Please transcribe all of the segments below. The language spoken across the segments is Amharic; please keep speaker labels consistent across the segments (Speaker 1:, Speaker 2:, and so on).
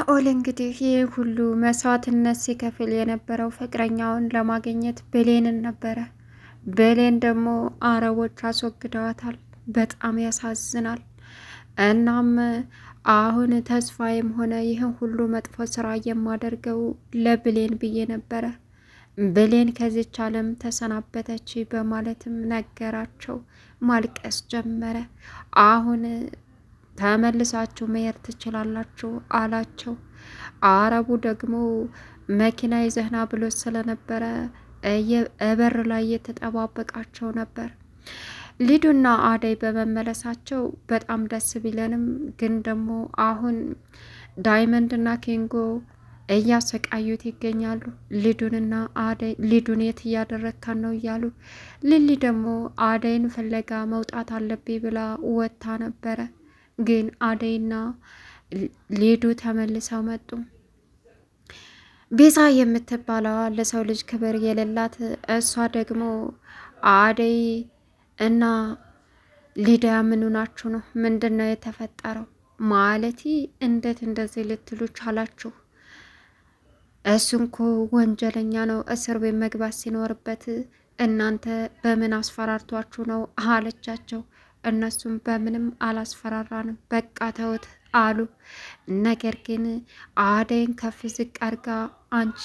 Speaker 1: ናኦል እንግዲህ ይህ ሁሉ መስዋዕትነት ሲከፍል የነበረው ፍቅረኛውን ለማግኘት ብሌንን ነበረ። ብሌን ደግሞ አረቦች አስወግደዋታል። በጣም ያሳዝናል። እናም አሁን ተስፋዬም ሆነ ይህን ሁሉ መጥፎ ስራ የማደርገው ለብሌን ብዬ ነበረ። ብሌን ከዚች ዓለም ተሰናበተች በማለትም ነገራቸው። ማልቀስ ጀመረ አሁን ተመልሳችሁ መሄድ ትችላላችሁ አላቸው። አረቡ ደግሞ መኪና ይዘህና ብሎ ስለነበረ እበር ላይ እየተጠባበቃቸው ነበር። ሊዱና አደይ በመመለሳቸው በጣም ደስ ቢለንም ግን ደግሞ አሁን ዳይመንድና ኪንጎ እያሰቃዩት ይገኛሉ። ሊዱንና አደይ ሊዱን የት እያደረግካን ነው እያሉ ሊሊ ደግሞ አደይን ፍለጋ መውጣት አለብኝ ብላ ወጥታ ነበረ። ግን አደይና ሊዱ ተመልሰው መጡ። ቤዛ የምትባለዋ ለሰው ልጅ ክብር የሌላት እሷ ደግሞ አደይ እና ሊዳ ምኑ ናችሁ ነው? ምንድን ነው የተፈጠረው? ማለቴ እንዴት እንደዚህ ልትሉ ቻላችሁ? እሱን እኮ ወንጀለኛ ነው፣ እስር ቤት መግባት ሲኖርበት እናንተ በምን አስፈራርቷችሁ ነው አለቻቸው። እነሱም በምንም አላስፈራራንም በቃ ተውት አሉ። ነገር ግን አደይን ከፍ ዝቅ አድርጋ አንቺ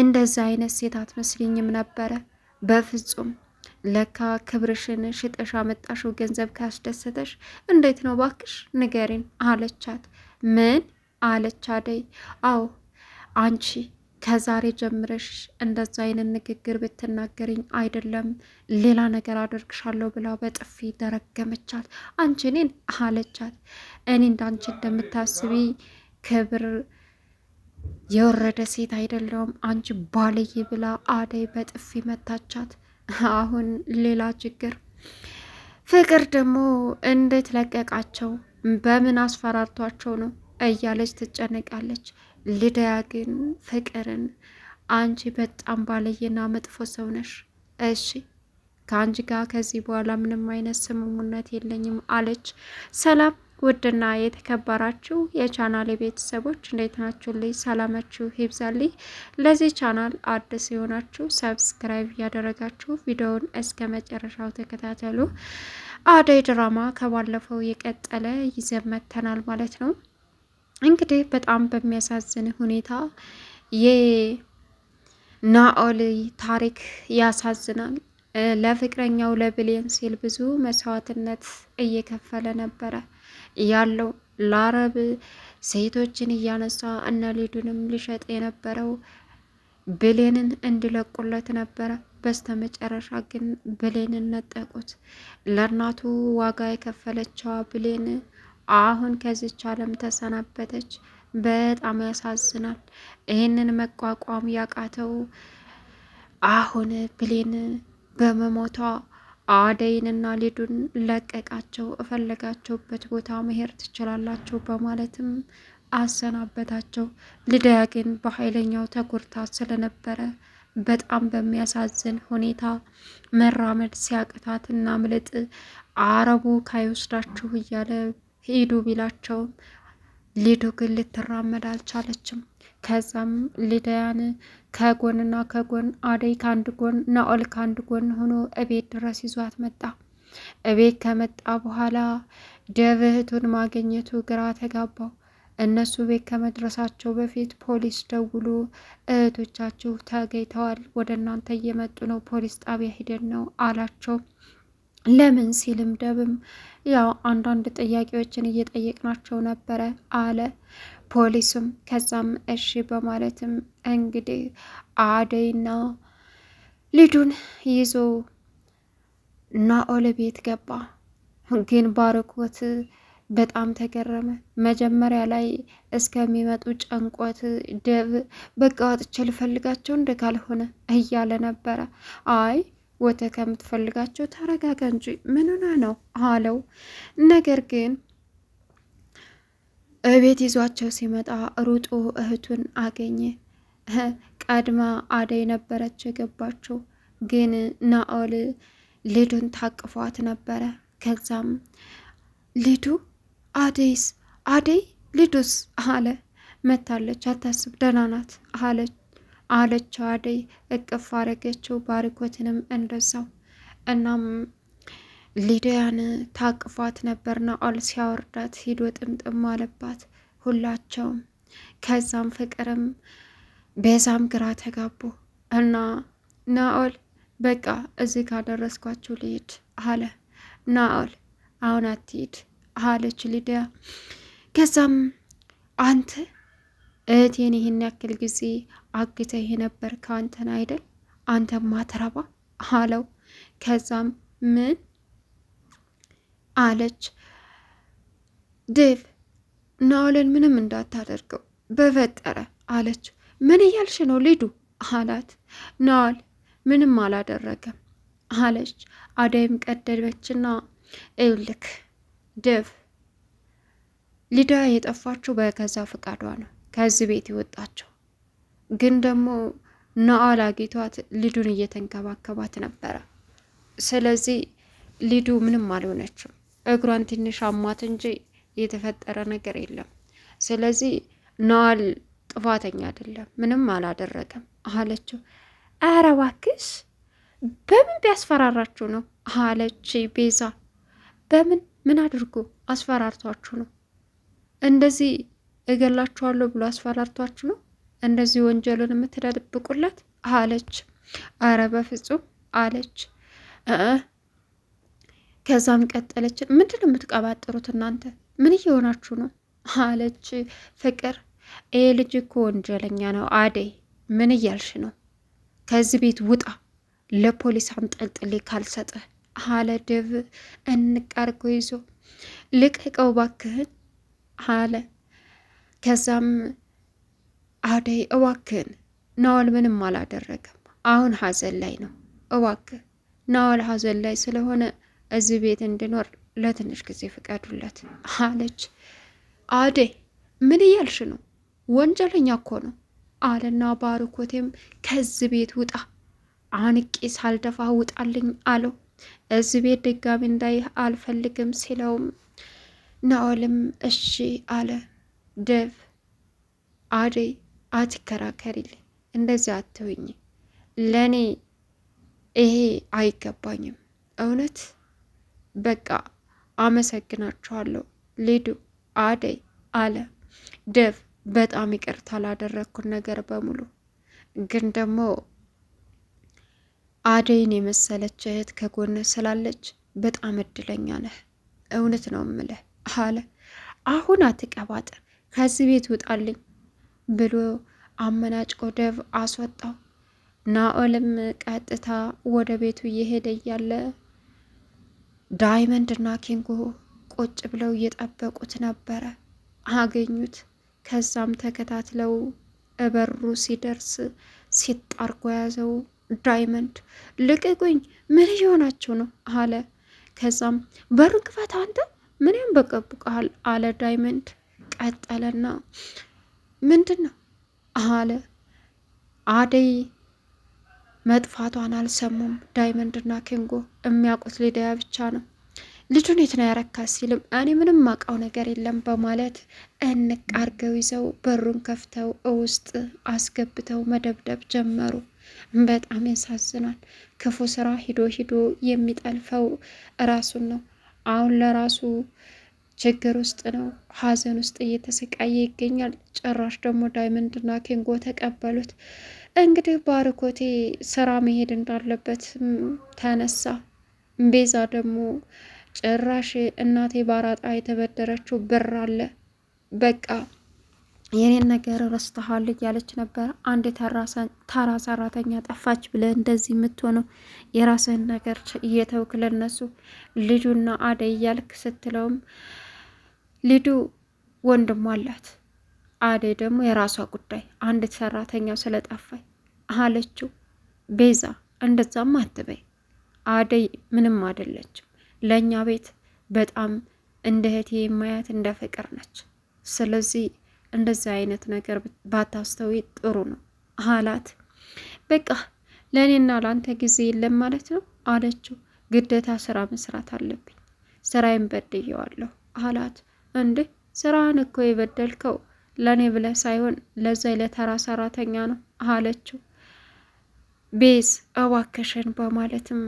Speaker 1: እንደዛ አይነት ሴት አትመስልኝም ነበረ በፍጹም ለካ ክብርሽን ሽጠሽ አመጣሽው ገንዘብ ካስደሰተሽ እንዴት ነው ባክሽ ንገሪን አለቻት ምን አለች አደይ አዎ አንቺ ከዛሬ ጀምረሽ እንደዛ አይነት ንግግር ብትናገርኝ አይደለም ሌላ ነገር አደርግሻለሁ ብላ በጥፊ ደረገመቻት። አንቺ እኔን አለቻት። እኔ እንዳንቺ እንደምታስቢ ክብር የወረደ ሴት አይደለውም አንቺ ባልይ ብላ አደይ በጥፊ መታቻት። አሁን ሌላ ችግር ፍቅር ደግሞ እንዴት ለቀቃቸው? በምን አስፈራርቷቸው ነው እያለች ትጨነቃለች። ልዳያ ግን ፍቅርን አንቺ በጣም ባለየና መጥፎ ሰው ነሽ። እሺ ከአንቺ ጋር ከዚህ በኋላ ምንም አይነት ስምምነት የለኝም አለች። ሰላም ውድና የተከበራችሁ የቻናል የቤተሰቦች እንዴት ናችሁ? ልይ ሰላማችሁ ይብዛልኝ። ለዚህ ቻናል አዲስ የሆናችሁ ሰብስክራይብ እያደረጋችሁ ቪዲዮውን እስከ መጨረሻው ተከታተሉ። አደይ ድራማ ከባለፈው የቀጠለ ይዘመተናል ማለት ነው እንግዲህ በጣም በሚያሳዝን ሁኔታ የናኦል ታሪክ ያሳዝናል። ለፍቅረኛው ለብሌን ሲል ብዙ መስዋዕትነት እየከፈለ ነበረ ያለው ለአረብ ሴቶችን እያነሳ እነ ሊዱንም ሊሸጥ የነበረው ብሌንን እንዲለቁለት ነበረ። በስተ መጨረሻ ግን ብሌንን ነጠቁት። ለእናቱ ዋጋ የከፈለችዋ ብሌን አሁን ከዚች ዓለም ተሰናበተች። በጣም ያሳዝናል። ይህንን መቋቋም ያቃተው አሁን ብሌን በመሞቷ አደይንና ሊዱን ለቀቃቸው፣ እፈለጋቸውበት ቦታ መሄድ ትችላላቸው በማለትም አሰናበታቸው። ልዳያ ግን በኃይለኛው ተጎድታ ስለነበረ በጣም በሚያሳዝን ሁኔታ መራመድ ሲያቅታት እና ምልጥ አረቡ ካይወስዳችሁ እያለ ሂዱ ቢላቸውም ሊዱ ግን ልትራመድ አልቻለችም። ከዛም ሊዳያን ከጎንና ከጎን አደይ ከአንድ ጎን ናኦል ከአንድ ጎን ሆኖ እቤት ድረስ ይዟት መጣ። እቤት ከመጣ በኋላ ደብህቱን ማግኘቱ ግራ ተጋባው። እነሱ ቤት ከመድረሳቸው በፊት ፖሊስ ደውሎ እህቶቻችሁ ተገኝተዋል፣ ወደ እናንተ እየመጡ ነው፣ ፖሊስ ጣቢያ ሂደን ነው አላቸው። ለምን ሲልም ደብም ያው አንዳንድ ጥያቄዎችን እየጠየቅናቸው ነበረ አለ ፖሊሱም። ከዛም እሺ በማለትም እንግዲህ አደይና ልጁን ይዞ ናኦል ቤት ገባ። ግን ባርኮት በጣም ተገረመ። መጀመሪያ ላይ እስከሚመጡ ጨንቆት ደብ በቃ ወጥቼ ልፈልጋቸው እንደ ካልሆነ እያለ ነበረ አይ ወተ ከምትፈልጋቸው ተረጋጋ እንጂ ምንና ነው አለው። ነገር ግን እቤት ይዟቸው ሲመጣ ሩጦ እህቱን አገኘ። ቀድማ አደይ ነበረች የገባችው፣ ግን ናኦል ልዱን ታቅፏት ነበረ። ከዛም ልዱ አደይስ አደይ ልዱስ አለ። መታለች፣ አታስብ ደህና ናት አለች። አለችው። አደይ እቅፍ አረገችው፣ ባርኮትንም እንደዛው። እናም ሊዲያን ታቅፏት ነበርና አል ሲያወርዳት ሂዶ ጥምጥም አለባት ሁላቸውም። ከዛም ፍቅርም ቤዛም ግራ ተጋቡ እና ናኦል በቃ እዚህ ካደረስኳችሁ ልሂድ አለ። ናኦል አሁን አትሂድ አለች ሊዲያ። ከዛም አንተ እህቴን ይህን ያክል ጊዜ አግተህ ነበር ከአንተን አይደል አንተ ማትረባ አለው። ከዛም ምን አለች ዴቭ ናውልን ምንም እንዳታደርገው በፈጠረ አለች። ምን እያልሽ ነው ልዱ አላት። ናዋል ምንም አላደረገም አለች። አደይም ቀደበችና እውልክ ድፍ ሊዳ የጠፋችው በገዛ ፈቃዷ ነው ከዚህ ቤት ይወጣቸው። ግን ደግሞ ናኦል አግኝቷት ሊዱን እየተንከባከባት ነበረ። ስለዚህ ሊዱ ምንም አልሆነችም። እግሯን ትንሽ አሟት እንጂ የተፈጠረ ነገር የለም። ስለዚህ ነአል ጥፋተኛ አይደለም፣ ምንም አላደረገም አለችው። ኧረ እባክሽ በምን ቢያስፈራራችሁ ነው አለች ቤዛ። በምን ምን አድርጎ አስፈራርቷችሁ ነው እንደዚህ እገላችኋለሁ ብሎ አስፈራርቷችሁ ነው እንደዚህ ወንጀሉን የምትደብቁለት አለች። አረ በፍጹም አለች። ከዛም ቀጠለች ምንድን ነው የምትቀባጥሩት እናንተ ምን እየሆናችሁ ነው? አለች ፍቅር። ይሄ ልጅ እኮ ወንጀለኛ ነው። አደይ ምን እያልሽ ነው? ከዚህ ቤት ውጣ፣ ለፖሊስ አንጠልጥሌ ካልሰጠህ አለ ደብ እንቃርጎ ይዞ ልቀቀው እባክህን አለ ከዛም አደይ እባክን ናወል ምንም አላደረገም፣ አሁን ሀዘን ላይ ነው። እባክህ ናወል ሀዘን ላይ ስለሆነ እዚህ ቤት እንዲኖር ለትንሽ ጊዜ ፍቀዱለት አለች። አደይ ምን እያልሽ ነው? ወንጀለኛ እኮ ነው አለና ባርኮቴም ከዚህ ቤት ውጣ አንቄ ሳልደፋ ውጣልኝ አለው። እዚህ ቤት ድጋሚ እንዳይህ አልፈልግም ሲለውም ናወልም እሺ አለ። ደቭ አደይ አትከራከሪልኝ፣ እንደዚህ አትውኝ ለእኔ ይሄ አይገባኝም። እውነት በቃ አመሰግናችኋለሁ ሊዱ አደይ አለ ደቭ። በጣም ይቅርታ ላደረግኩን ነገር በሙሉ ግን ደግሞ አደይን የመሰለች እህት ከጎነ ስላለች በጣም እድለኛ ነህ። እውነት ነው ምለህ አለ። አሁን አትቀባጥር ከዚህ ቤት ውጣልኝ ብሎ አመናጭቆ ደብ አስወጣው። ናኦልም ቀጥታ ወደ ቤቱ እየሄደ እያለ ዳይመንድ እና ኪንጎ ቁጭ ብለው እየጠበቁት ነበረ። አገኙት። ከዛም ተከታትለው እበሩ ሲደርስ ሲጣርጎ ያዘው። ዳይመንድ ልቅቁኝ፣ ምን እየሆናችሁ ነው አለ። ከዛም በሩን ክፈት አንተ ምን ያንበቀብቃል አለ ዳይመንድ ቀጠለና ምንድን ነው አለ አደይ መጥፋቷን አልሰሙም። ዳይመንድና ኪንጎ የሚያውቁት ሊዳያ ብቻ ነው። ልጁን የት ነው ያረካት ሲልም እኔ ምንም ማውቀው ነገር የለም በማለት እንቅ አርገው ይዘው በሩን ከፍተው ውስጥ አስገብተው መደብደብ ጀመሩ። በጣም ያሳዝናል። ክፉ ስራ ሂዶ ሂዶ የሚጠልፈው ራሱን ነው። አሁን ለራሱ ችግር ውስጥ ነው፣ ሀዘን ውስጥ እየተሰቃየ ይገኛል። ጭራሽ ደግሞ ዳይመንድና ኬንጎ ተቀበሉት። እንግዲህ ባርኮቴ ስራ መሄድ እንዳለበት ተነሳ። ቤዛ ደግሞ ጭራሽ እናቴ ባራጣ የተበደረችው ብር አለ፣ በቃ የኔን ነገር ረስተሃል እያለች ነበር። አንድ ተራ ሰራተኛ ጠፋች ብለህ እንደዚህ የምትሆነው የራስህን ነገር እየተውክ ለነሱ ልጁና አደይ እያልክ ስትለውም ሊዱ ወንድሟ አላት። አዴ ደግሞ የራሷ ጉዳይ አንዲት ሰራተኛው ስለጠፋኝ አለችው። ቤዛ እንደዛም አትበይ አደይ ምንም አይደለችም። ለእኛ ቤት በጣም እንደ እህቴ የማያት እንደ ፍቅር ነች። ስለዚህ እንደዚህ አይነት ነገር ባታስተዊ ጥሩ ነው አላት። በቃ ለእኔና ለአንተ ጊዜ የለም ማለት ነው አለችው። ግዴታ ስራ መስራት አለብኝ፣ ስራዬን በድየዋለሁ አላት። እንዴ ስራህን እኮ የበደልከው ለእኔ ብለህ ሳይሆን ለዛ ለተራ ሰራተኛ ነው አለችው። ቤዝ እባክሽን በማለትም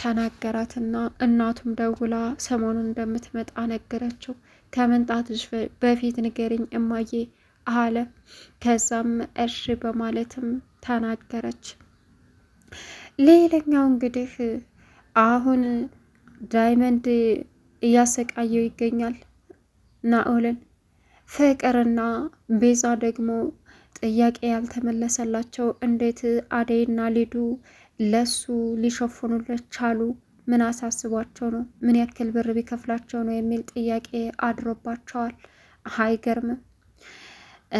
Speaker 1: ተናገራትና እናቱም ደውላ ሰሞኑን እንደምትመጣ ነገረችው። ከመምጣትሽ በፊት ንገሪኝ እማዬ አለ። ከዛም እሺ በማለትም ተናገረች። ሌላኛው እንግዲህ አሁን ዳይመንድ እያሰቃየው ይገኛል። ናኦልን። ፍቅርና ቤዛ ደግሞ ጥያቄ ያልተመለሰላቸው እንዴት አደይና ሊዱ ለሱ ሊሸፍኑለት ቻሉ? ምን አሳስቧቸው ነው? ምን ያክል ብር ቢከፍላቸው ነው የሚል ጥያቄ አድሮባቸዋል። አይገርምም።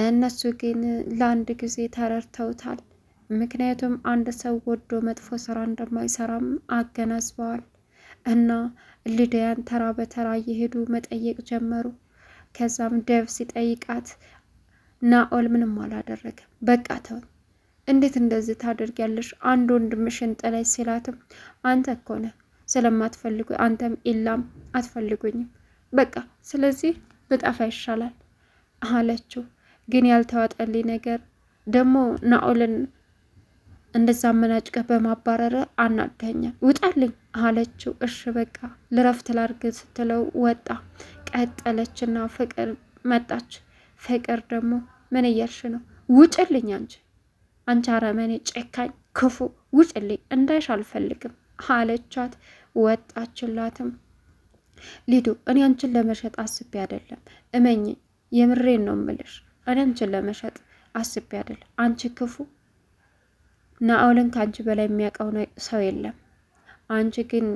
Speaker 1: እነሱ ግን ለአንድ ጊዜ ተረድተውታል። ምክንያቱም አንድ ሰው ወዶ መጥፎ ስራ እንደማይሰራም አገናዝበዋል። እና ሊዲያን ተራ በተራ እየሄዱ መጠየቅ ጀመሩ። ከዛም ደብ ሲጠይቃት ናኦል ምንም አላደረገም። በቃ ተው፣ እንዴት እንደዚህ ታደርጊያለሽ? አንድ ወንድምሽን ጥለሽ ሲላትም አንተ ከሆነ ስለማትፈልጉ አንተም ኢላም አትፈልጉኝም፣ በቃ ስለዚህ ብጠፋ ይሻላል አለችው። ግን ያልተዋጠልኝ ነገር ደግሞ ናኦልን እንደዛ አመናጭቀህ በማባረር አናደኛል፣ ውጣልኝ አለችው። እሺ በቃ ልረፍት ላርግ ስትለው ወጣ። ቀጠለችና ፍቅር መጣች። ፍቅር ደግሞ ምን እያልሽ ነው? ውጭልኝ! አንቺ አንቺ አረመኔ፣ ጨካኝ፣ ክፉ ውጭልኝ! እንዳይሽ አልፈልግም አለቻት። ወጣችላትም። ሊዱ እኔ አንቺን ለመሸጥ አስቤ አይደለም፣ እመኝ፣ የምሬን ነው ምልሽ። እኔ አንቺን ለመሸጥ አስቤ አይደለም። አንቺ ክፉ ናአውልን ከአንቺ በላይ የሚያውቀው ሰው የለም። አንቺ ግን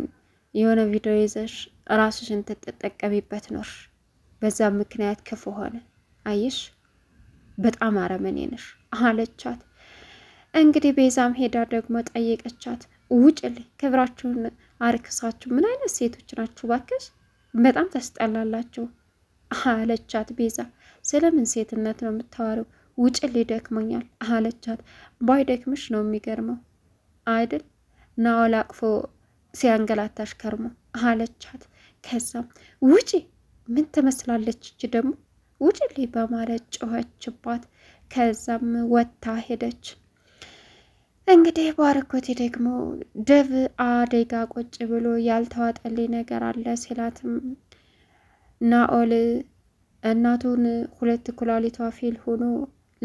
Speaker 1: የሆነ ቪዲዮ ይዘሽ ራስሽን ትጠቀሚበት ኖር። በዛ ምክንያት ክፉ ሆነ። አይሽ በጣም አረመኔ ነሽ አለቻት። እንግዲህ ቤዛም ሄዳ ደግሞ ጠየቀቻት። ውጭልኝ፣ ክብራችሁን አርክሳችሁ ምን አይነት ሴቶች ናችሁ? ባክሽ በጣም ታስጠላላችሁ አለቻት። ቤዛ ስለምን ሴትነት ነው የምታወሪው? ውጭልኝ፣ ደክሞኛል አለቻት። ባይ ደክምሽ ነው የሚገርመው አይደል አቅፎ ሲያንገላታሽ ከርሞ አለቻት። ከዛም ውጪ ምን ትመስላለች እች ደግሞ ውጪ ላይ በማለት ጮኸችባት። ከዛም ወታ ሄደች። እንግዲህ ባርኮቴ ደግሞ ደብ አደጋ ቁጭ ብሎ ያልተዋጠልኝ ነገር አለ ሲላትም ናኦል እናቱን ሁለት ኩላሊቷ ፊል ሆኖ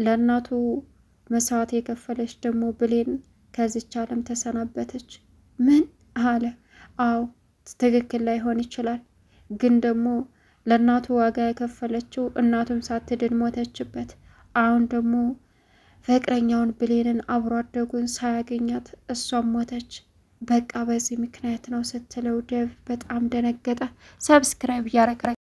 Speaker 1: ለእናቱ መስዋዕት የከፈለች ደግሞ ብሌን ከዚች ዓለም ተሰናበተች። ምን አለ። አዎ ትክክል ላይሆን ይችላል፣ ግን ደግሞ ለእናቱ ዋጋ የከፈለችው እናቱም ሳትድን ሞተችበት። አሁን ደግሞ ፍቅረኛውን ብሌንን አብሮ አደጉን ሳያገኛት እሷም ሞተች። በቃ በዚህ ምክንያት ነው ስትለው ደብ በጣም ደነገጠ። ሰብስክራይብ እያረቀረ